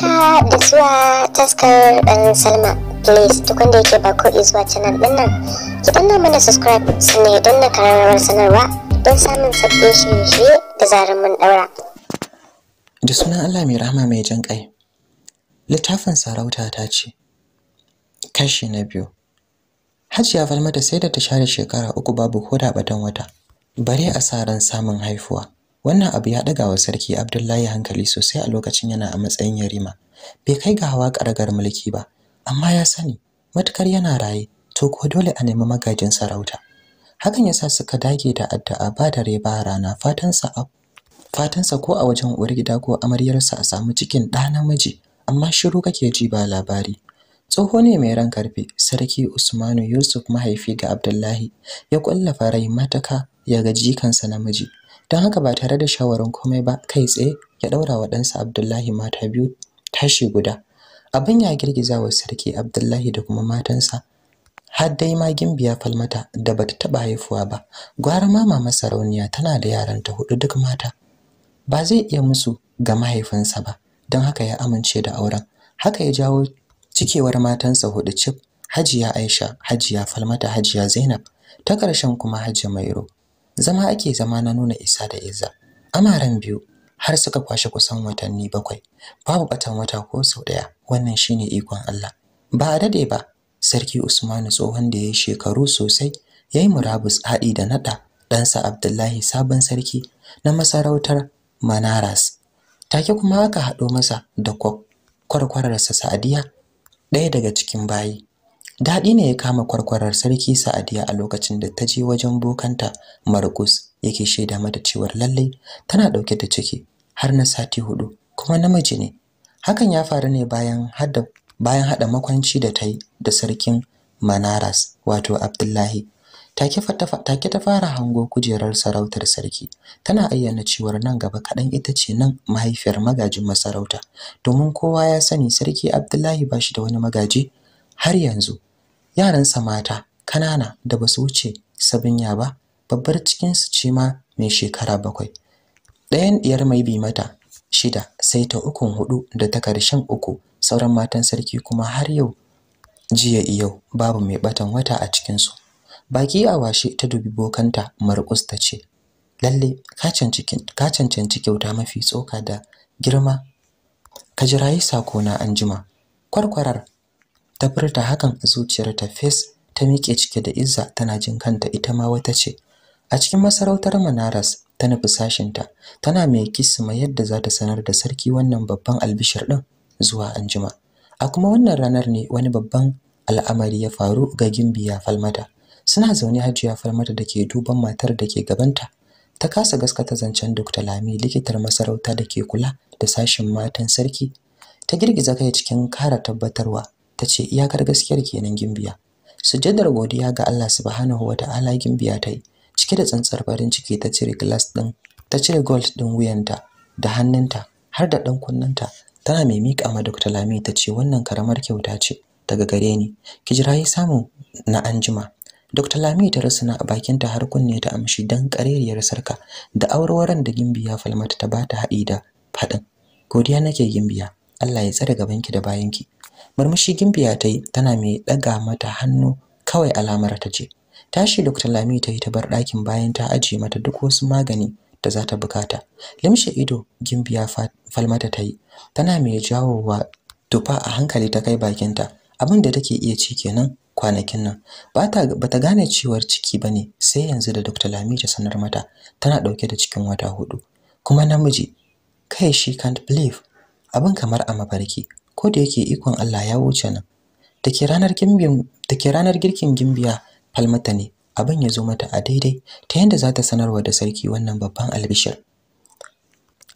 haka da zuwa taskar dan salma please duk wanda yake ba ko zuwa canal din nan ki danna mana subscribe sannan ya danna karamar sanarwa don samun sabbin shirye-shirye da zarar mun daura da sunan allah mai rahama mai jan kai littafin sarauta ta ce kashi na biyu hajiya falmata sai da ta share shekara uku babu ko da batan wata bare a sa ran samun haifuwa wannan abu ya daga wa sarki Abdullahi hankali sosai a lokacin yana a matsayin yarima bai kai ga hawa karagar mulki ba amma ya sani matukar yana raye to ko dole a nemi magajin sarauta hakan yasa suka dage da addu'a ba dare ba rana fatansa a fatansa ko a wajen uwar gida ko amaryarsa a samu cikin ɗa namiji amma shiru kake ji ba labari tsoho ne mai ran karfe sarki usmanu yusuf mahaifi ga abdullahi ya kullafa rai mataka ya ga jikansa namiji don haka ba tare da shawarin komai ba kai tsaye ya ɗaura wa ɗansa abdullahi mata biyu tashi guda abin ya girgiza wa sarki abdullahi da kuma matansa har dai ma gimbiya falmata da bata taɓa haifuwa ba gwara mama sarauniya tana da yaran ta hudu duk mata ba zai iya musu ga mahaifinsa ba don haka ya amince da auren haka ya jawo cikewar matansa hudu cif hajiya aisha hajiya falmata hajiya zainab ta ƙarshen kuma hajiya mairo zama ake zama na nuna isa da izza amaran biyu har suka kwashe kusan watanni bakwai babu batan wata ko sau daya wannan shine ikon Allah ba a dade ba sarki Usmanu tsohon da ya shekaru sosai yayi murabus haɗi da nada ɗansa Abdullahi sabon sarki na masarautar Manaras take kuma aka haɗo masa da kwarkwararsa Sa'adiya ɗaya daga cikin bayi Daɗi ne ya kama kwarkwarar sarki Sa'adiya a lokacin da ta je wajen bokanta Markus yake shaida mata cewa lalle tana ɗauke da ciki har na sati hudu kuma namiji ne. Hakan ya faru ne bayan hada bayan hada makwanci da ta yi da sarkin Manaras wato Abdullahi take ta fara hango kujerar sarautar sarki tana ayyana cewar nan gaba kaɗan ita ce nan mahaifiyar magajin masarauta domin kowa ya sani sarki abdullahi ba shi da wani magaji har yanzu yaransa mata kanana da basu wuce sabinya ba babbar cikinsu ce ma mai shekara bakwai ɗayan ɗiyar mai bi mata shida sai ta ukun hudu da ta karshen uku sauran matan sarki kuma har yau jiya yau babu mai batan wata a cikinsu baki a washe ta dubi bokanta marƙus ta ce lalle ka cancanci kyauta mafi tsoka da girma ka ji sako na anjima kwarkwarar ta furta hakan a zuciyarta fes ta miƙe cike da izza tana jin kanta ita ma wata ce a cikin masarautar manaras ta nufi sashinta tana mai kisma yadda za ta sanar da sarki wannan babban albishir ɗin zuwa anjima a kuma wannan ranar ne wani babban al'amari ya faru ga gimbiya falmata suna zaune hajiya falmata da ke duban matar da ke gabanta ta kasa gaskata zancen Dr. Lami likitar masarauta da ke kula da sashin matan sarki ta girgiza kai cikin kara tabbatarwa ta ce iyakar gaskiyar kenan gimbiya sujadar godiya ga Allah subhanahu wataala gimbiya ta yi cike da tsantsar farin ciki ta cire glass din ta cire gold din wuyanta da hannunta har da dan kunnanta tana mai mika ma Dr. Lami ta ce wannan karamar kyauta ce daga gare ni ki jira yi samu na anjima Dr. Lami ta rusuna a bakinta har kunne ta amshi dan kareriyar sarka da aurwaran da gimbiya Falmata ta bata haɗi da faɗin godiya nake gimbiya Allah ya tsare gabanki da bayanki murmushi gimbiya ta yi tana mai ɗaga mata hannu kawai alamar ta ce tashi dr lami ta yi ta bar ɗakin bayan ta ajiye mata duk wasu magani da za ta bukata limshe ido gimbiya falmata ta yi tana mai jawowa tufa a hankali ta kai bakinta abin da take iya ci kenan kwanakin nan ba ta gane cewar ciki ba ne sai yanzu da dr lami ta sanar mata tana ɗauke da cikin wata hudu kuma namiji kai shi can't believe abin kamar a mafarki ko da yake ikon Allah ya wuce nan da ranar gimbin ranar girkin gimbiya falmata ne abin ya zo mata a daidai ta yanda za ta sanarwa da sarki wannan babban albishir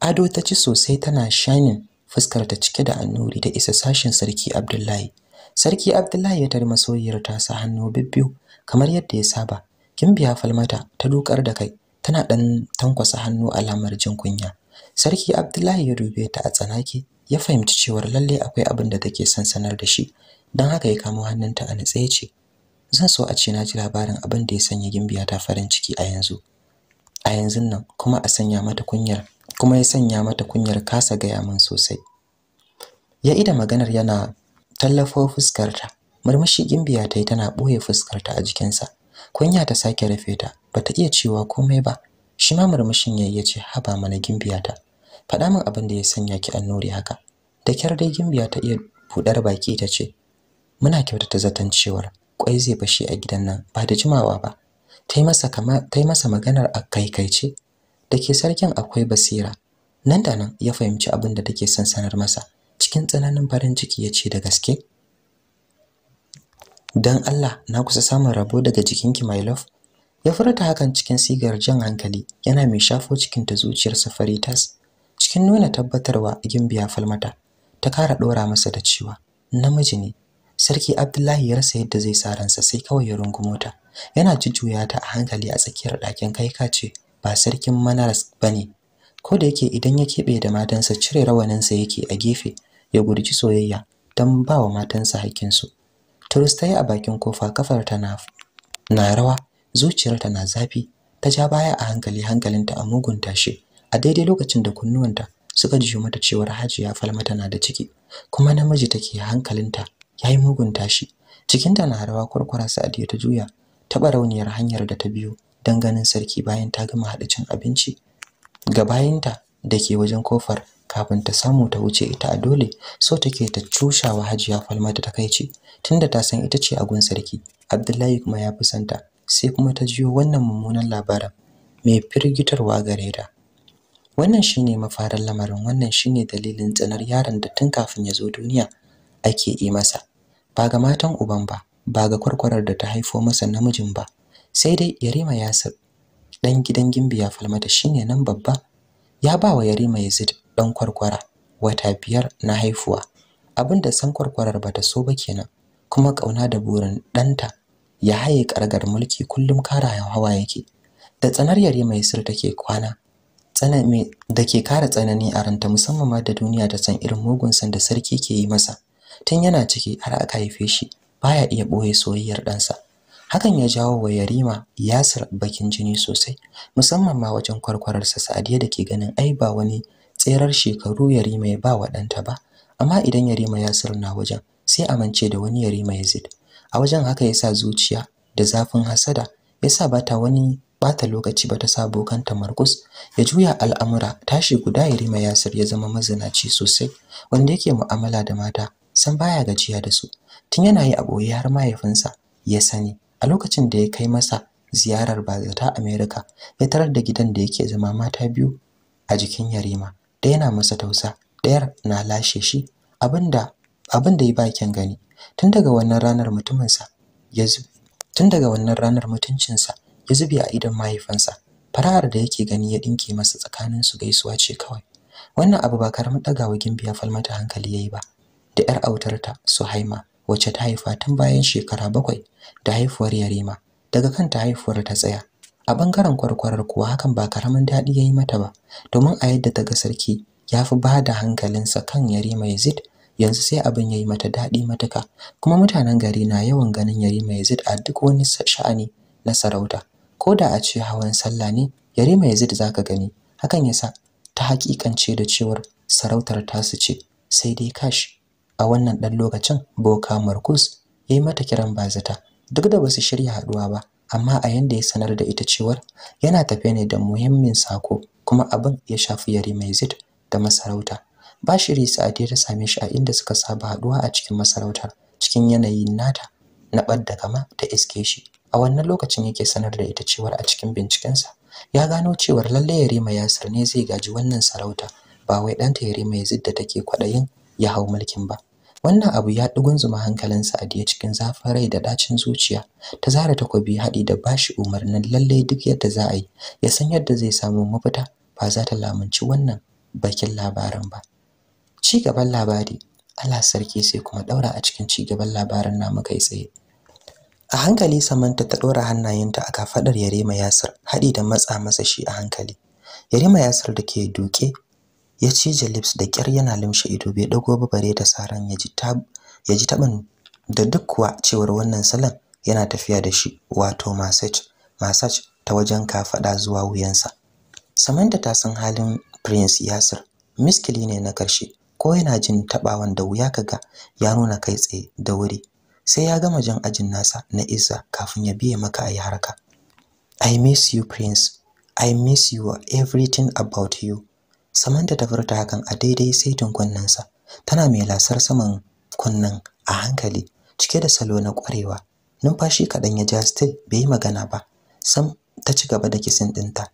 ado ta ci sosai tana shining fuskar ta cike da annuri da isa sashin sarki Abdullahi sarki Abdullahi ya tar masoyiyar ta sa hannu bibbiyu kamar yadda ya saba gimbiya falmata ta dukar da kai tana dan tankwasa hannu alamar jin kunya sarki Abdullahi ya dube ta a tsanake ya fahimci cewar lalle akwai abin da take son sanar da shi don haka ya kamo hannunta a natsaye ce zan so a ce na ji labarin abin da ya sanya gimbiya ta farin ciki a yanzu a yanzun nan kuma a sanya mata kunyar kuma ya sanya mata kunyar kasa gaya min sosai ya ida maganar yana tallafo fuskarta murmushi gimbiya ta yi tana ɓoye fuskarta a jikinsa kunya ta sake rufe ta bata iya cewa komai ba shi ma murmushin yayi ya ce haba mana gimbiya ta. faɗa min abin da ya sanya ki annuri haka da kyar dai gimbiya ta iya budar baki ta ce muna kyautata zaton cewar kwai zai bashi a gidan nan ba da jimawa ba tai masa masa maganar a kaikaice da ke sarkin akwai basira nan da nan ya fahimci abin da take son sanar masa cikin tsananin farin ciki ya ce da gaske dan Allah na kusa samun rabo daga jikinki my love ya furta hakan cikin sigar jan hankali yana mai shafo cikin ta zuciyar safari cikin nuna tabbatarwa gimbiya falmata ta kara dora masa da cewa namiji ne sarki abdullahi ya rasa yadda zai sa ransa sai kawai ya rungumo ta yana jujjuya ta a hankali a tsakiyar ɗakin kai ka ce ba sarkin manaras ba ne ko da yake idan ya keɓe da matansa cire rawaninsa yake a gefe ya gurji soyayya don ba wa matansa hakkinsu turus ta a bakin kofa kafar ta na, na rawa zuciyarta na zafi ta ja baya a hankali hankalinta a mugun tashi a daidai lokacin da kunnuwanta suka ji mata cewar Hajiya Falma tana da ciki kuma namiji take hankalinta yayi mugun tashi ta na rawa kwarkwara Sa'adiya ta juya taɓa rauniyar hanyar da ta biyu dan ganin sarki bayan ta gama haɗa cin abinci ga bayinta da ke wajen kofar kafin ta samu ta wuce ita a dole so take ta cushawa Hajiya Falma da takeici tunda ta san ita ce agun sarki Abdullahi kuma ya fi santa sai kuma ta jiyo wannan mummunan labarin mai firgitarwa gare ta wannan shine mafarin lamarin wannan shine dalilin tsanar yaron da tun kafin ya zo duniya ake yi masa ba ga matan uban ba ba ga kwarkwarar da ta haifo masa namijin ba sai dai yarima yasir ɗan gidan gimbiya ya falmata shine nan babba ya ba wa yarima yazid ɗan kwarkwara wata biyar na haifuwa abinda san kwarkwarar bata so ba kenan kuma ƙauna da burin ɗanta ya haye ƙargar mulki kullum kara hawa yake da tsanar yarima yasir take kwana tsanani da ke kara tsanani a ranta musamman ma da duniya da san irin mugun san da sarki ke yi masa tun yana ciki har aka haife shi baya iya boye soyayyar ɗansa hakan ya jawo wa Yarima Yasir bakin jini sosai musamman ma wajen kwarkwararsa Sadiya da ke ganin ai ba wani tserar shekaru Yarima ya ba wa ɗanta ba amma idan Yarima Yasir na wajen sai amince da wani Yarima Yazid a wajen haka yasa zuciya da zafin hasada yasa bata wani bata lokaci ba ta sa bokanta Markus ya juya al'amura tashi guda ya rima Yasir ya zama mazinaci sosai wanda yake mu'amala da mata san baya gajiya da su tun yana yi a boye har mahaifinsa ya sani a lokacin da ya kai masa ziyarar bazata Amerika, ya tarar da gidan da yake zama mata biyu a jikin Yarima da yana masa tausa ɗaya na lashe shi abinda abinda ya bakin gani tun daga wannan ranar sa ya tun daga wannan ranar mutuncinsa ya zube a idon mahaifinsa farar da yake gani ya dinke masa tsakanin su gaisuwa ce kawai wannan abu ba karamin dagawa gimbiya falmata hankali yayi ba da yar autarta Suhaima wacce ta haifa tun bayan shekara bakwai da haifuwar Yarima daga kanta haifuwar ta tsaya a bangaren kwarkwarar kuwa hakan ba karamin dadi yayi mata ba domin a yadda ta ga sarki ya fi ba da hankalinsa kan Yarima Yazid yanzu sai abin yayi mata dadi matuka kuma mutanen gari na yawan ganin Yarima Yazid a duk wani sha'ani na sarauta ko da a ce hawan sallah ne yarima zid zaka gani hakan yasa ta hakikance da cewar sarautar tasu ce sai dai kash a wannan dan lokacin boka markus yayi mata kiran bazata duk da basu shirya haɗuwa ba amma a yanda ya sanar da ita cewar yana tafe ne da muhimmin sako kuma abin ya shafi mai zid da masarauta Ba bashiri sa'adi ta same shi a inda suka saba haɗuwa a cikin masarautar cikin yanayin nata na ɓadda kama ta iske shi a wannan lokacin yake sanar da ita cewar a cikin bincikensa ya gano cewar lalle Yarima Yasir ne zai gaji wannan sarauta ba wai ɗanta Yarima Yazid da take kwaɗayin ya hau mulkin ba wannan abu ya zuma hankalin Sa'adiya cikin zafin rai da ɗacin zuciya ta zara ta takobi haɗi da bashi umarnin lalle duk yadda za a yi ya san yadda zai samu mafita ba za ta lamunci wannan bakin labarin ba ci gaban labari Allah sarki sai kuma ɗaura a cikin ci gaban labarin namu kai tsaye a hankali samanta ta ɗora hannayenta a kafaɗar yarema yasir haɗi da matsa masa shi a hankali yarema yasir da ke duke ya cije lips da kyar yana limshe ido bai dago ba bare da saran ya ji tab ya ji taban da duk kuwa cewar wannan salon yana tafiya da shi wato masaj massage ta wajen kafada zuwa wuyansa samanta ta san halin prince yasir miskili ne na karshe ko yana jin tabawan da wuya kaga ya nuna kai tsaye da wuri sai ya gama jan ajin nasa na isa kafin ya biye maka ayi harka I miss you prince I miss you everything about you Samanta ta furta hakan a daidai saitin kunnensa tana mai lasar saman kunnen a hankali cike da salo na kwarewa numfashi kaɗan ya ja still bai yi magana ba sam ta ci gaba da kisin ɗinta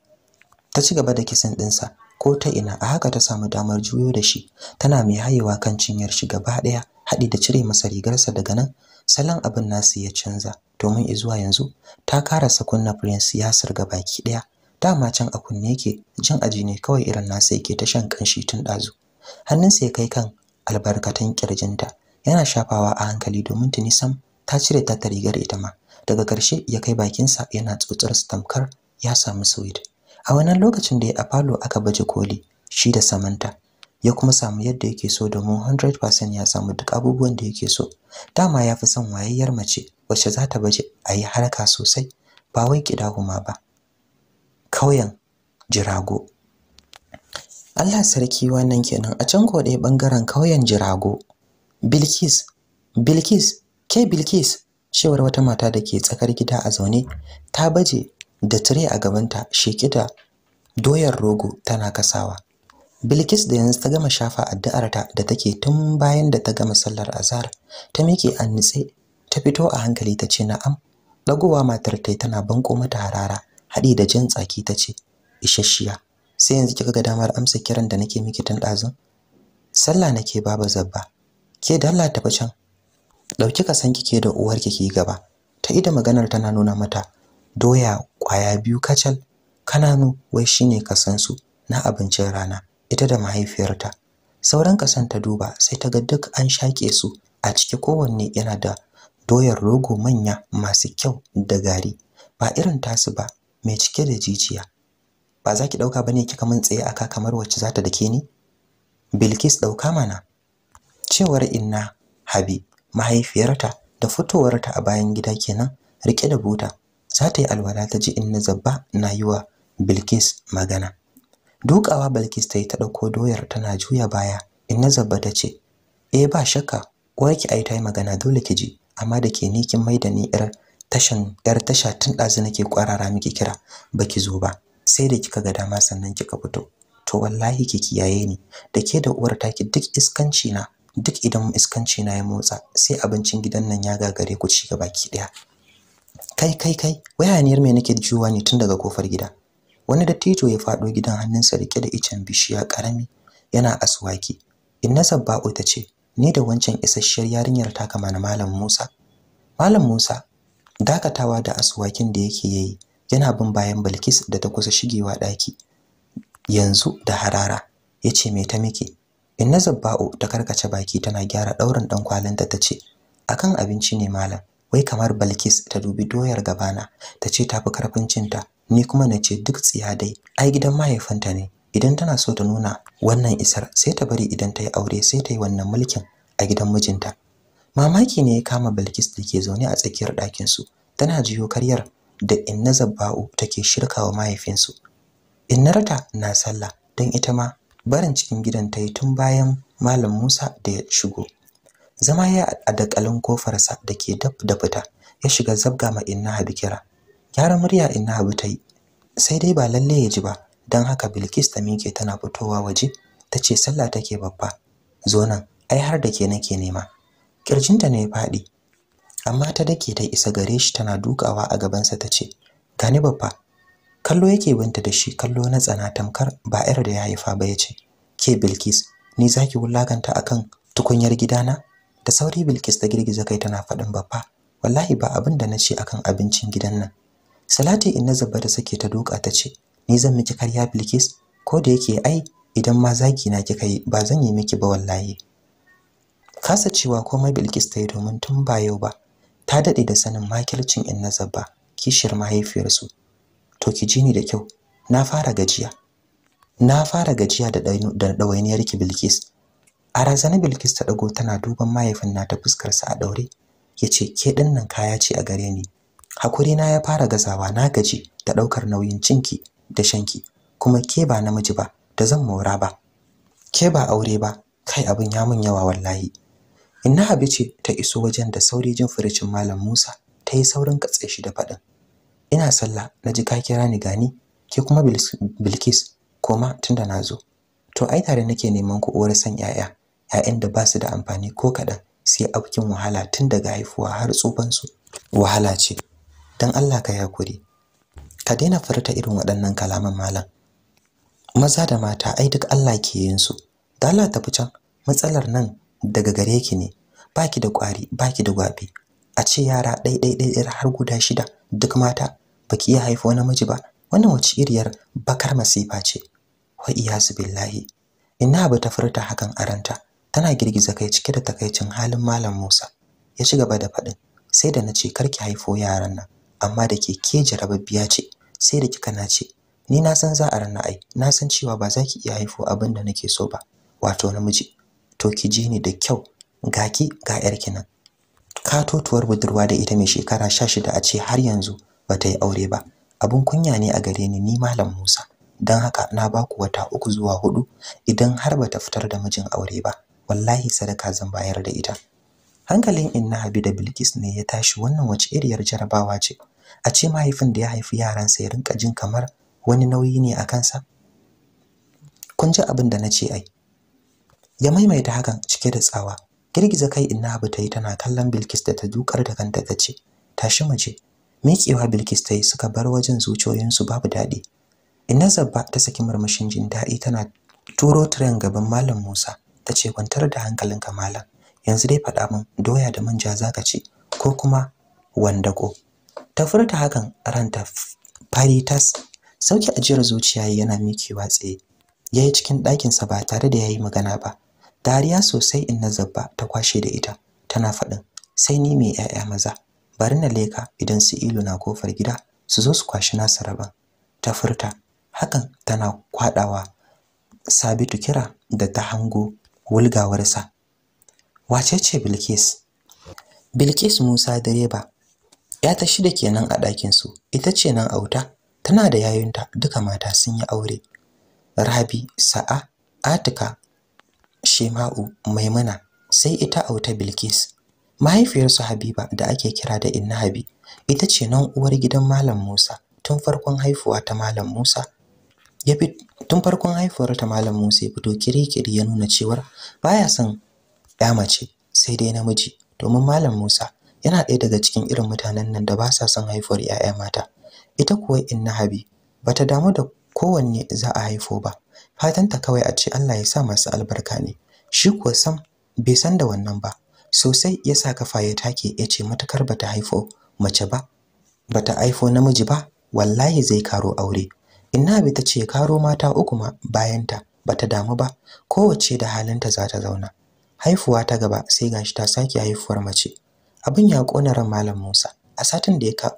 ta ci gaba da kisin ɗinsa ko ta ina a haka ta samu damar juyo da shi tana mai hayewa kan cinyar shi gaba ɗaya haɗi da cire masa rigarsa daga nan salon abin nasu ya canza domin izuwa yanzu ta karasa kunna prince sirga baki daya dama can a kunne yake jin aji ne kawai irin nasa yake ta shan kanshi tun dazu hannunsa ya kai kan albarkatan kirjinta yana shafawa a hankali domin tuni sam ta cire ta rigar ita ma daga karshe ya kai bakinsa yana tsotsar su tamkar ya samu sweet a wannan lokacin da ya a falo aka baje koli shi da samanta ya kuma samu yadda yake so domin 100% ya samu duk abubuwan da yake so dama ya fi son wayayyar mace wacce za ta baje a yi harka sosai ba wai kuma ba kauyen jirago Allah sarki wannan kenan a can ko ɗaya bangaren kauyen jirago Bilkis Bilkis ke Bilkis cewar wata mata da ke tsakar gida a zaune ta baje da tire a gabanta sheki da doyar rogo tana kasawa Bilkis da yanzu ta gama shafa addu'arta da take tun bayan da ta gama sallar azhar ta miƙe a nitse ta fito a hankali ta ce na'am dagowa matar tai tana banko mata harara haɗi da jan tsaki ta ce isasshiya sai yanzu kika ga damar amsa kiran da nake miki tun ɗazun sallah nake baba zabba ke dalla tafi can ɗauki ka san kike da uwar kike gaba ta ida maganar tana nuna mata doya kwaya biyu kacal kananu wai shine ka san su na abincin rana ita da mahaifiyarta sauran kasan ta duba sai ta ga duk an shake su a cikin kowanne yana da doyar rogo manya masu kyau da gari ba irin tasu ba mai cike da jijiya ba za ki ba ne kika mun tsaye aka kamar wacce za ta dake ni Bilkis ɗauka mana cewar inna Habi mahaifiyarta da fitowarta a bayan gida kenan rike da buta za ta yi alwala ta ji inna zabba na yi wa Bilkis magana dukawa balkis ta yi ta ɗauko doyar tana juya baya inna zabba ta ce eh ba shakka ki ai ta yi magana dole ki ji amma da ke ni kin maida ni yar tashan yar tasha tun ɗazu nake kwarara miki kira baki zo ba sai da kika ga dama sannan kika fito to wallahi ki kiyaye ni da ke da uwar taki duk iskanci na duk idan iskanci na ya motsa sai abincin gidan nan ya gagare ku ci gaba ki daya kai kai kai wayaniyar me nake juwa ne tun daga kofar gida wani dattijo ya faɗo gidan hannunsa rike da icen bishiya karami yana aswaki inna sabba'u ta ce ni da wancan isasshiyar yarinyar ta kama malam Musa malam Musa dakatawa da aswakin da yake yayi yana bin bayan Balkis da ta kusa shigewa ɗaki, yanzu da harara yace me ta miki inna zabba'u ta karkace baki tana gyara daurin dan ta tace akan abinci ne malam wai kamar Balkis ta dubi doyar gabana tace tafi karfin cinta ni kuma na ce duk tsiya dai ai gidan mahaifanta ne idan tana so ta nuna wannan isar sai ta bari idan ta yi aure sai ta yi wannan mulkin a gidan mijinta mamaki ne ya kama bilkis da ke zaune a tsakiyar ɗakinsu tana jiyo karyar da inna zabba'u take shirkawa mahaifinsu innarta na sallah don ita ma barin cikin gidan ta yi tun bayan malam musa da ya shigo zama ya a dakalin kofarsa da ke dab fita ya shiga zabga ma inna habikira Yara murya inna Habu ta yi. Sai dai ba lalle ya ji ba, don haka Bilkis ta mike tana fitowa waje, ta ce sallah take babba. Zo nan, ai har da ke nake nema. Kirjinta ne faɗi, amma ta dake ta isa gare shi tana dukawa a gabansa ta ce, Gani babba, kallo yake binta da shi kallo na tsana tamkar ba 'yar da ya haifa ba ya ce, Ke Bilkis, ni zaki wulakanta akan tukunyar gidana? Da sauri Bilkis ta girgiza kai tana faɗin babba, wallahi ba abin da na ce akan abincin gidan nan Salati inna zaba da sake ta doka ta ce, "Ni zan miki karya Bilkis, ko da yake ai idan ma zaki na kika yi ba zan yi miki ba wallahi." Kasa cewa komai Bilkis ta yi domin tun ba yau ba, ta dade da sanin makircin inna zaba kishiyar mahaifiyarsu. To ki ji ni da kyau, na fara gajiya. Na fara gajiya da ɗawainiyar ki Bilkis. A razana Bilkis ta dago tana duban mahaifin nata fuskarsa a daure, yace ke dinnan kaya ce a gare ni. hakuri na ya fara gazawa na gaji da daukar nauyin cinki da shanki kuma ke ba namiji ba da zan mora ba ke ba aure ba kai abin ya mun yawa wallahi inna habi ce ta iso wajen da sauri jin furucin malam Musa ta yi saurin katse shi da faɗin ina sallah na ji ka kira ni gani ke kuma Bilkis koma tunda na zo to ai tare nake neman ku uwar san yaya yayan da basu da amfani ko kaɗan sai afkin wahala tun daga haifuwa har su. wahala ce dan Allah ka yakuri ka daina furta irin waɗannan kalaman malam maza da mata ai duk Allah ke yin su da Allah tafi can matsalar nan daga gare ki ne baki da ƙwari baki da gwabi a ce yara ɗai ɗai ɗai har guda shida duk mata baki iya haifo namiji ba wannan wace iriyar bakar masifa ce wa iyasu billahi ina ba ta furta hakan aranta tana girgiza kai cike da takaicin halin malam Musa ya ci gaba da faɗin sai da na ce karki haifo yaran nan amma da ke ke jarababbiya ce sai da kika nace ni na san za a ranna ai na san cewa ba za ki iya haifo abin da nake so ba wato namiji to ki ji ni da kyau ga ki ga 'yar ki nan katotuwar budurwa da ita mai shekara 16 a ce har yanzu bata yi aure ba abun kunya ne a gare ni ni malam Musa dan haka na baku wata uku zuwa hudu idan har bata fitar da mijin aure ba wallahi sadaka zan bayar da ita hankalin inna habi da bilkis ne ya tashi wannan wace iriyar jarabawa ce a ce mahaifin da ya haifi yaransa ya rinka jin kamar wani nauyi ne a kansa kun ji abin da na ce ai ya maimaita hakan cike da tsawa girgiza kai inna habi ta yi tana kallon bilkis da ta dukar da kanta ta ce tashi mu je miƙewa bilkis ta yi suka bar wajen zuciyoyinsu babu daɗi inna zabba ta saki murmushin jin daɗi tana turo tiren gaban malam musa ta ce kwantar da hankalinka malam yanzu dai faɗa min doya da manja zaka ci ko kuma wandako ta furta hakan ranta faritas. sauki ajiyar zuciya yana mikewa tsaye yayi cikin ɗakinsa ba tare da yayi magana ba dariya sosai in na zabba ta kwashe da ita tana faɗin sai ni mai 'ya'ya maza bari na leka idan su ilu na kofar gida su zo su kwashi nasu rabon ta furta hakan tana kwaɗawa sabitu kira da ta hango wulgawarsa wace ce Bilkis Bilkis Musa direba ya ta shida kenan a ɗakin su ita ce nan auta tana da yayunta duka mata sun yi aure Rabi Sa'a Atika Shema'u Maimuna sai ita auta Bilkis mahaifiyarsu Habiba da ake kira da Inna Habi ita ce nan uwar gidan Malam Musa tun farkon haifuwa ta Malam Musa ya tun farkon haifuwar ta Malam Musa ya fito kirikiri ya nuna cewar baya son ya mace sai dai namiji domin malam Musa yana ɗaya daga cikin irin mutanen nan da ba sa son haifuwar 'ya'ya mata ita kuwa inna habi bata damu da kowanne za a haifo ba ta kawai a ce Allah ya sa masu albarka ne shi kuwa sam bai san da wannan ba sosai ya sa kafa ya take ya ce matakar bata haifo mace ba bata haifo namiji ba wallahi zai karo aure inna habi ta ce karo mata uku ma bayanta bata damu ba kowace da halinta za ta zauna haifuwa ta gaba sai gashi ta sake haifuwar mace abin ya kona ran malam Musa a satin da ya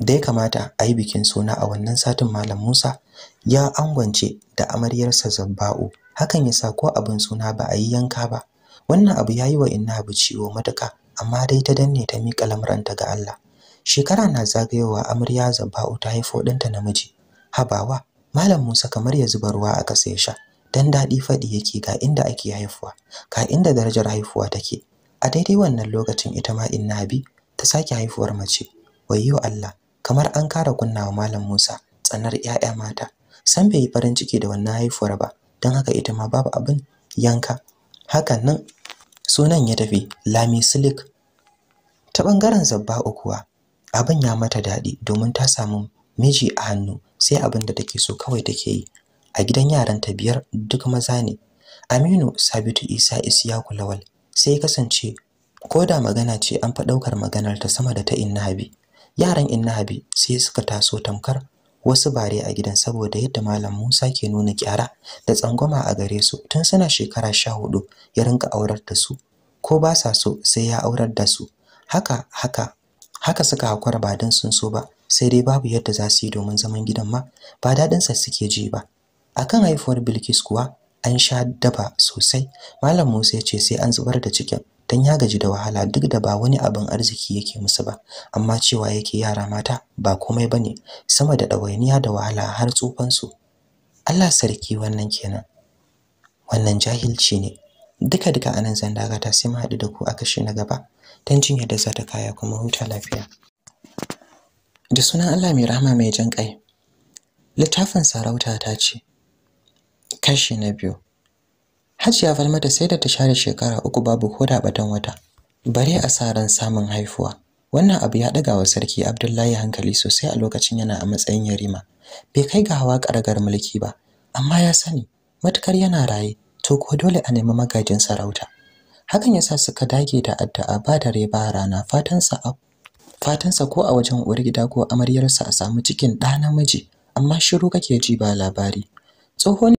da ya kamata a yi bikin suna a wannan satin malam Musa ya angwance da amaryarsa Zabba'u hakan ya sa ko abin suna ba a yi yanka ba wannan abu ya yayi wa inna abu ciwo matuka amma dai ta danne ta miƙa lamuranta ga Allah shekara na zagayowa amarya Zabba'u ta haifo ɗinta namiji habawa malam Musa kamar ya zuba ruwa a ƙasa sha dan daɗi faɗi yake ga inda ake haifuwa ga inda darajar haifuwa take a daidai wannan lokacin ita ma inna bi ta sake haifuwar mace wayyo Allah kamar an kara kunnawa malam Musa tsanar 'ya'ya mata san bai yi farin ciki da wannan haifuwar ba dan haka ita ma babu abin yanka hakan nan sunan ya tafi Lami Silik ta bangaren zabba ukuwa. abin ya mata daɗi domin ta samu miji a hannu sai abin da take so kawai take yi a gidan yaran ta biyar duk maza ne Aminu Sabitu Isa Isiyaku Lawal sai kasance ko da magana ce an fa daukar maganar ta sama da ta Inna Habi yaran Inna Habi sai suka taso tamkar wasu bare a gidan saboda yadda malam Musa ke nuna kyara da tsangwama a gare su tun suna shekara sha hudu ya rinka aurar da su ko ba sa so sai ya aurar da su haka haka haka suka hakura ba dan sun so ba sai dai babu yadda za su yi domin zaman gidan ma ba daɗinsa suke ji ba akan haifuwar Bilkis kuwa an sha daba sosai malam Musa ya ce sai an zubar da cikin don ya gaji da wahala duk da ba wani abin arziki yake musu ba amma cewa yake yara mata ba komai ba ne, sama da ɗawainiya da wahala har tsufan Allah sarki wannan kenan wannan jahilci ne duka duka anan zan ta sai mu haɗu da ku a kashi na gaba Don jin yadda za ta kaya kuma huta lafiya da sunan Allah mai rahama mai jan kai littafin sarauta ta ce kashi na biyu hajiya falmata sai da ta share shekara uku babu ko da batan wata bare a sa ran samun haifuwa wannan abu ya daga wa sarki abdullahi hankali sosai a lokacin yana a matsayin yarima bai kai ga hawa karagar mulki ba amma ya sani matukar yana raye to ko dole a nemi magajin sarauta hakan yasa suka dage da addu'a ba da reba rana fatansa a fatansa ko a wajen uwar gida ko amaryarsa a samu cikin ɗa namiji amma shiru kake ji ba labari tsohon